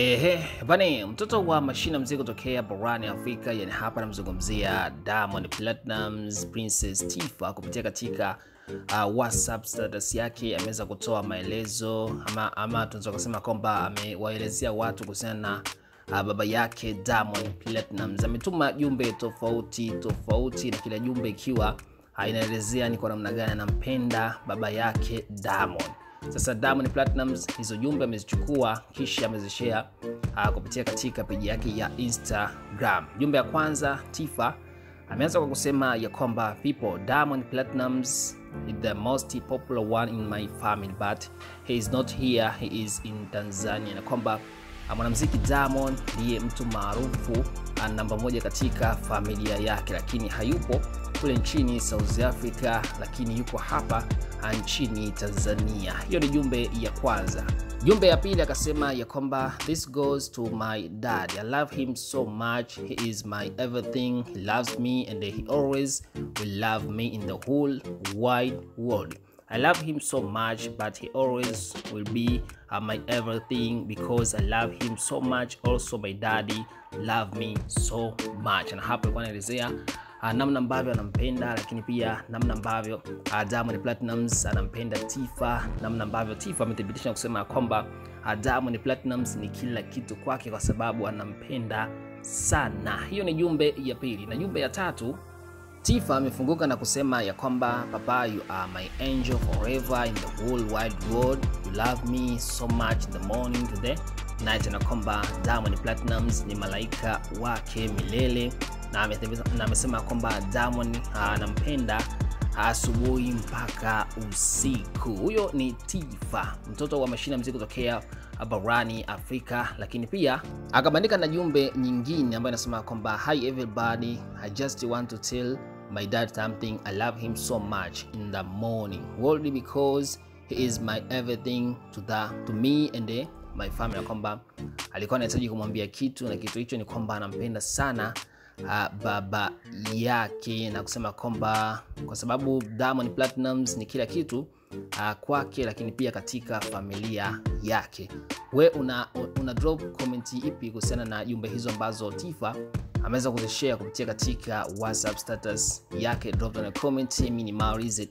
Ehe, bani mtoto wa mashina mzee kutokea barani Afrika, yani hapa namzungumzia Diamond Platnumz, Princess Tifa kupitia katika uh, WhatsApp status yake ameweza kutoa maelezo ama, ama tunaweza kusema kwamba amewaelezea watu kuhusiana na uh, baba yake Diamond Platnumz. Ametuma jumbe tofauti tofauti na kila jumbe ikiwa uh, inaelezea ni kwa namna gani anampenda baba yake Diamond sasa Diamond Platnumz hizo jumbe amezichukua kisha amezishare uh, kupitia katika peji yake ya Instagram. Jumbe ya kwanza Tifa ameanza kwa kusema ya kwamba people, Diamond Platnumz is the most popular one in my family but he is not here, he is in Tanzania, na kwamba ah, mwanamuziki Diamond ndiye mtu maarufu ah, namba moja katika familia yake, lakini hayupo kule nchini South Africa, lakini yuko hapa nchini Tanzania. Hiyo ni jumbe ya kwanza. Jumbe ya pili akasema ya kwamba this goes to my dad. I love him so much. He is my everything. He loves me and he always will love me in the whole wide world. I love him so much, but he always will be uh, my everything because I love him so much. Also, my daddy love me so much. And hapo kwa naelezea Ah, namna ambavyo anampenda, lakini pia namna ambavyo ah, Diamond Platnumz anampenda Tifa, namna ambavyo Tifa amethibitisha kusema kwamba ah, Diamond Platnumz ni kila kitu kwake kwa sababu anampenda sana. Hiyo ni jumbe ya pili, na jumbe ya tatu Tifa amefunguka na kusema ya kwamba papa, you are my angel forever in the whole wide world, you love me so much in the morning to the night, na kwamba Diamond Platnumz ni malaika wake milele na amesema kwamba Diamond ah, anampenda asubuhi mpaka usiku. Huyo ni Tifa, mtoto wa mashina muziki kutokea barani Afrika, lakini pia akabandika na jumbe nyingine ambayo inasema kwamba hi everybody I just want to tell my dad something I love him so much in the morning world because he is my everything to, the, to me and the, my family, kwamba alikuwa anahitaji kumwambia kitu na kitu hicho ni kwamba anampenda sana uh, baba yake na kusema kwamba kwa sababu Diamond Platnumz ni kila kitu uh, kwake, lakini pia katika familia yake. We una, una drop comment ipi kuhusiana na jumbe hizo ambazo Tifa ameweza kuzishare kupitia katika WhatsApp status yake? Drop down a comment. Mimi ni Maurice